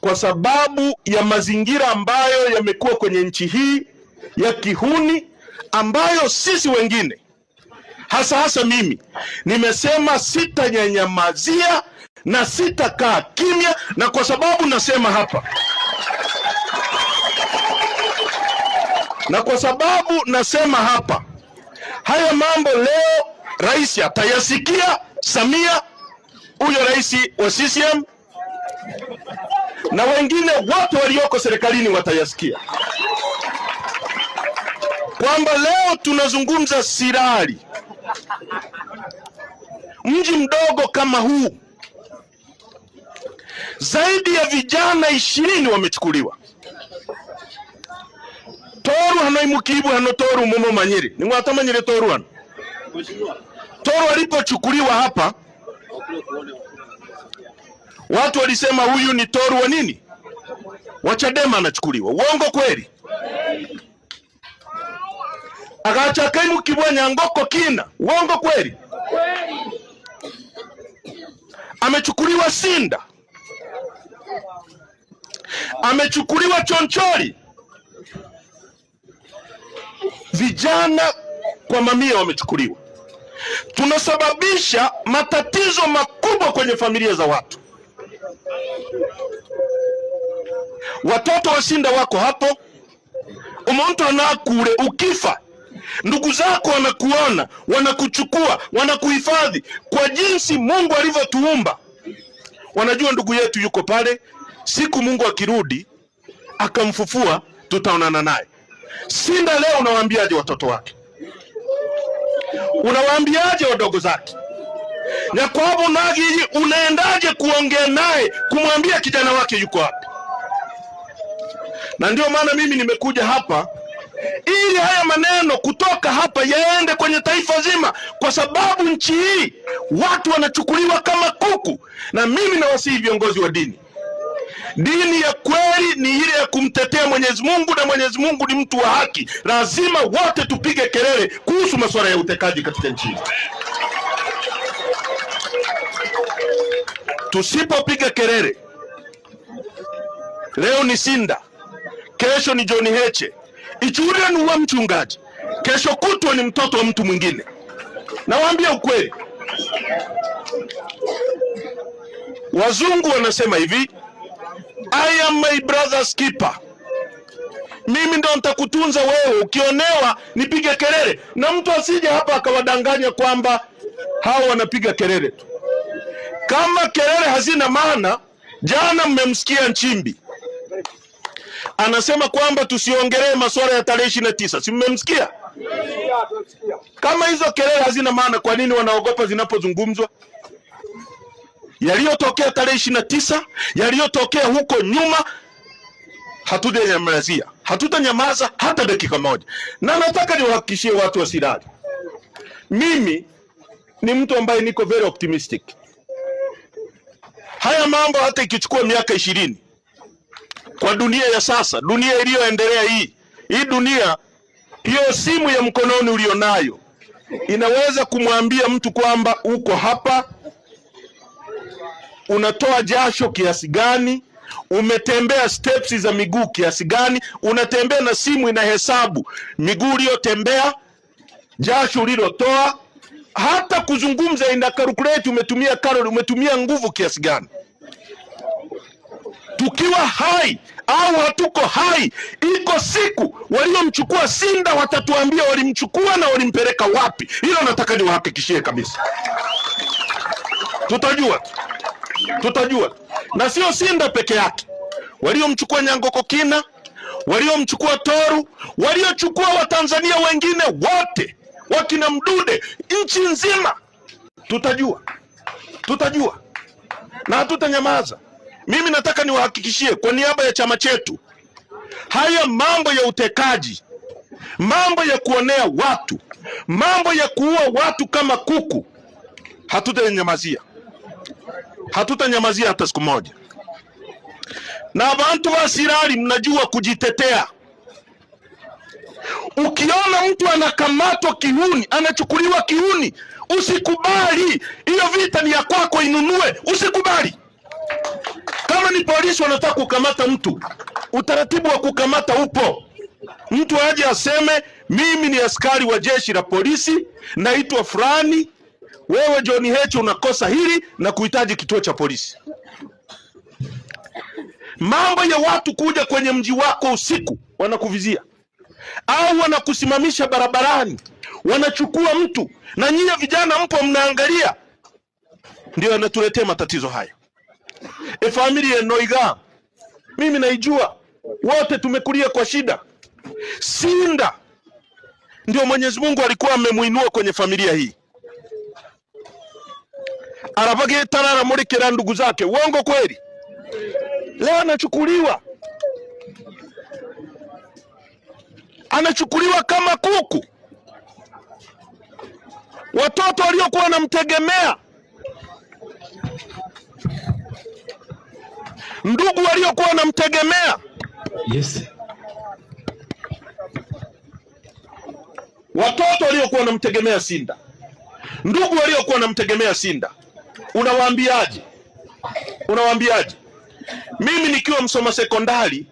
kwa sababu ya mazingira ambayo yamekuwa kwenye nchi hii ya kihuni, ambayo sisi wengine hasa hasa mimi nimesema sitanyanyamazia na sitakaa kimya, na kwa sababu nasema hapa na kwa sababu nasema hapa, haya mambo leo rais atayasikia Samia, huyo rais wa CCM na wengine wote walioko serikalini watayasikia kwamba leo tunazungumza Sirari, mji mdogo kama huu, zaidi ya vijana ishirini wamechukuliwa toru hanoimukibu hano toru mumo manyiri nimwatamanyire toru hano toru alipochukuliwa hapa Watu walisema huyu ni toru wa nini, wa Chadema anachukuliwa. Uongo kweli? kaimu kibwanya ngoko kina. Uongo kweli? Amechukuliwa Sinda, amechukuliwa Chonchori. Vijana kwa mamia wamechukuliwa. Tunasababisha matatizo makubwa kwenye familia za watu watoto washinda wako hapo, umuntu anakule ukifa ndugu zako wanakuona, wanakuchukua, wanakuhifadhi kwa jinsi Mungu alivyotuumba. Wanajua ndugu yetu yuko pale, siku Mungu akirudi akamfufua, tutaonana naye. sinda leo. Unawaambiaje watoto wake? Unawaambiaje wadogo zake? nyakwavo nagili una kuongea naye kumwambia kijana wake yuko hapa. Na ndio maana mimi nimekuja hapa ili haya maneno kutoka hapa yaende kwenye taifa zima, kwa sababu nchi hii watu wanachukuliwa kama kuku. Na mimi nawasihi viongozi wa dini, dini ya kweli ni ile ya kumtetea Mwenyezi Mungu, na Mwenyezi Mungu ni mtu wa haki. Lazima wote tupige kelele kuhusu masuala ya utekaji katika nchi hii. Tusipopiga kelele leo ni Sinda, kesho ni John Heche, Ijulia ni wa mchungaji, kesho kutwa ni mtoto wa mtu mwingine. Nawaambia ukweli, wazungu wanasema hivi, I am my brother's keeper. Mimi ndo nitakutunza wewe, ukionewa nipige kelele, na mtu asije hapa akawadanganya kwamba hao wanapiga kelele tu. Kama kelele hazina maana, jana mmemsikia Nchimbi anasema kwamba tusiongelee masuala ya tarehe ishirini na tisa, si mmemsikia? Kama hizo kelele hazina maana, kwa nini wanaogopa zinapozungumzwa? Yaliyotokea tarehe ishirini na tisa, yaliyotokea huko nyuma, hatujanyamazia, hatutanyamaza hata dakika moja. Na nataka niwahakikishie watu wa Sirari, mimi ni mtu ambaye niko very optimistic Haya mambo hata ikichukua miaka ishirini kwa dunia ya sasa, dunia iliyoendelea hii hii dunia, hiyo simu ya mkononi ulionayo inaweza kumwambia mtu kwamba uko hapa, unatoa jasho kiasi gani, umetembea steps za miguu kiasi gani, unatembea na simu inahesabu miguu uliyotembea, jasho ulilotoa hata kuzungumza ina calculate umetumia calorie, umetumia nguvu kiasi gani. Tukiwa hai au hatuko hai, iko siku waliomchukua Sinda watatuambia walimchukua na walimpeleka wapi. Hilo nataka niwahakikishie kabisa, tutajua tutajua, na sio Sinda peke yake, waliomchukua Nyangoko Kina, waliomchukua Toru, waliochukua Watanzania wengine wote wakina Mdude, nchi nzima tutajua, tutajua na hatutanyamaza. Mimi nataka niwahakikishie kwa niaba ya chama chetu, haya mambo ya utekaji, mambo ya kuonea watu, mambo ya kuua watu kama kuku, hatutanyamazia, hatutanyamazia hata siku moja. Na bantu basirari, mnajua kujitetea Ukiona mtu anakamatwa kiuni, anachukuliwa kiuni, usikubali. Hiyo vita ni ya kwako, inunue, usikubali. Kama ni polisi wanataka kukamata mtu, utaratibu wa kukamata upo. Mtu aje aseme mimi ni askari wa jeshi la polisi, naitwa fulani, wewe John Heche unakosa hili na kuhitaji kituo cha polisi. Mambo ya watu kuja kwenye mji wako usiku wanakuvizia au wanakusimamisha barabarani, wanachukua mtu, na nyinyi vijana mpo mnaangalia. Ndio anatuletea matatizo haya. E, familia noiga, mimi naijua, wote tumekulia kwa shida. Sinda ndio Mwenyezi Mungu alikuwa amemuinua kwenye familia hii aravagetarara muri ndugu zake. Uongo kweli? Leo anachukuliwa anachukuliwa kama kuku. Watoto waliokuwa wanamtegemea, ndugu waliokuwa wanamtegemea, yes. Watoto waliokuwa wanamtegemea Sinda, ndugu waliokuwa wanamtegemea Sinda, unawaambiaje? Unawaambiaje? Mimi nikiwa msoma sekondari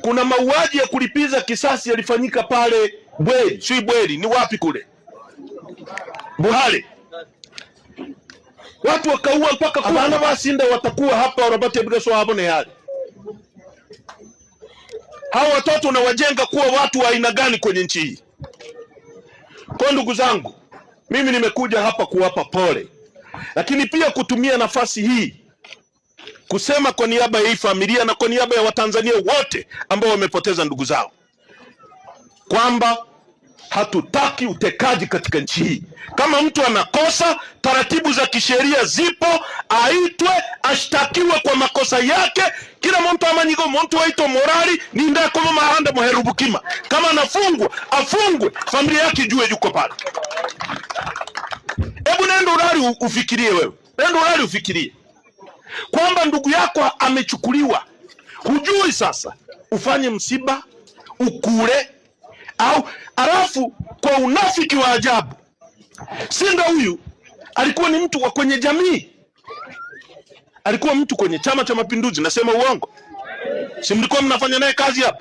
kuna mauaji ya kulipiza kisasi yalifanyika pale Bweri, si Bweri ni wapi kule Buhale, watu wakaua mpaka kuana basinde watakuwa hapa hapo na yale. Hao watoto nawajenga kuwa watu wa aina gani kwenye nchi hii? Kwa ndugu zangu, mimi nimekuja hapa kuwapa pole, lakini pia kutumia nafasi hii kusema kwa niaba ya hii familia na kwa niaba ya Watanzania wote ambao wamepoteza ndugu zao kwamba hatutaki utekaji katika nchi hii. Kama mtu anakosa, taratibu za kisheria zipo, aitwe ashtakiwe kwa makosa yake. kila mtu amanyigo mtu aitwe morali nindakoma mahanda moherubukima. kama anafungwa afungwe, familia yake ijue yuko pale. Hebu nenda ulali ufikirie, wewe nenda ulali ufikirie kwamba ndugu yako amechukuliwa, hujui sasa ufanye msiba ukule au alafu, kwa unafiki wa ajabu, Sinda huyu alikuwa ni mtu wa kwenye jamii, alikuwa mtu kwenye Chama cha Mapinduzi. Nasema uongo? Si mlikuwa mnafanya naye kazi hapa?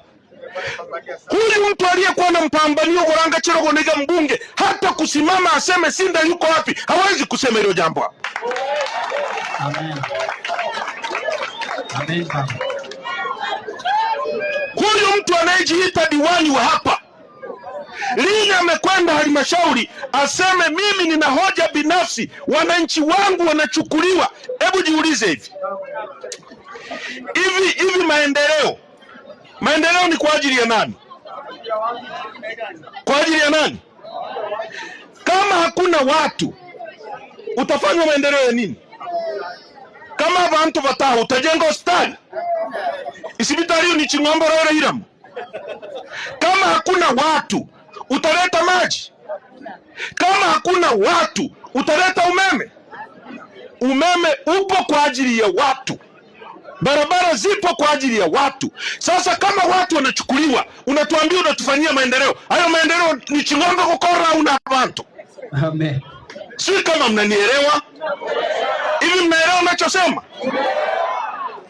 Huyu mtu aliyekuwa na mpambanio Goranga Cherogonega, mbunge, hata kusimama aseme Sinda yuko wapi hawezi kusema hilo jambo hapo Huyu mtu anayejiita diwani wa hapa lini amekwenda halmashauri aseme mimi nina hoja binafsi, wananchi wangu wanachukuliwa? Hebu jiulize hivi hivi hivi, maendeleo maendeleo ni kwa ajili ya nani? Kwa ajili ya nani? Kama hakuna watu utafanywa maendeleo ya nini? kama abantu batahuta hospitali isibitari ni ching'ombe roreiramo kama hakuna watu utaleta maji kama hakuna watu utaleta umeme umeme upo kwa ajili ya watu barabara zipo kwa ajili ya watu sasa kama watu wanachukuliwa unatuambia unatufanyia maendeleo hayo maendeleo ni ching'ombe kukora una abantu amen si kama mnanielewa hivi, mnaelewa nachosema?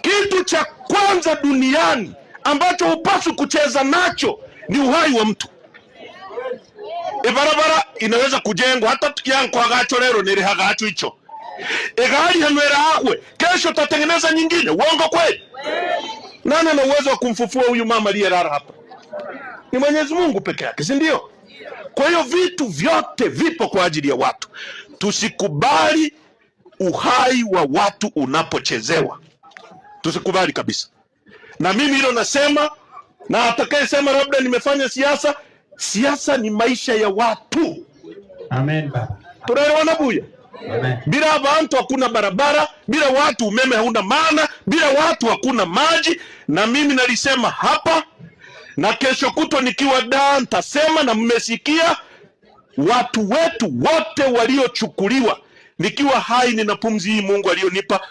Kitu cha kwanza duniani ambacho hupaswi kucheza nacho ni uhai wa mtu. Ibarabara e, inaweza kujengwa hata yankwagacho lero nilihagacho icho e, hanwera ahwe kesho tatengeneza nyingine. Uongo kweli? Nani ana uwezo wa kumfufua huyu mama aliyelala hapa? Ni Mwenyezi Mungu peke yake, si ndio? Kwa hiyo vitu vyote vipo kwa ajili ya watu. Tusikubali uhai wa watu unapochezewa, tusikubali kabisa. Na mimi hilo nasema, na atakayesema labda nimefanya siasa, siasa ni maisha ya watu. Amen baba, tunaelewana buya? Amen. Bila watu hakuna barabara, bila watu umeme hauna maana, bila watu hakuna maji. Na mimi nalisema hapa na kesho kutwa nikiwa daa ntasema, na mmesikia watu wetu wote waliochukuliwa. Nikiwa hai nina pumzi hii Mungu aliyonipa,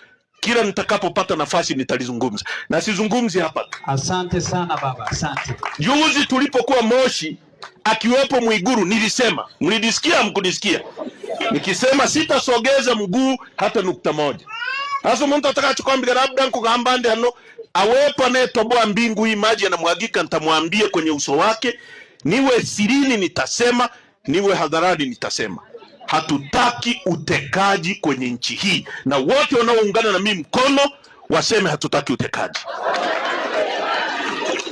kila nitakapopata nafasi nitalizungumza, na sizungumzi hapa tu. Asante sana baba, asante. Juzi tulipokuwa Moshi akiwepo Mwiguru, nilisema mlidisikia, mkunisikia nikisema sitasogeza mguu hata nukta moja. Sasa mtu atakachokwambia labda nkugamba ndio awepo anayetoboa mbingu hii maji yanamwagika, nitamwambia kwenye uso wake, niwe sirini nitasema, niwe hadharani nitasema. Hatutaki utekaji kwenye nchi hii, na wote wanaoungana na mimi mkono waseme hatutaki utekaji.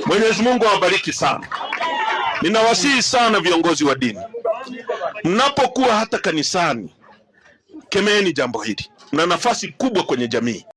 Mwenyezi Mungu awabariki sana. Ninawasihi sana viongozi wa dini, mnapokuwa hata kanisani, kemeeni jambo hili. Mna nafasi kubwa kwenye jamii.